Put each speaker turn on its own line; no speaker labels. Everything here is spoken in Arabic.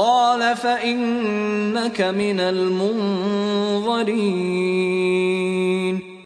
قال فإنك من المنظرين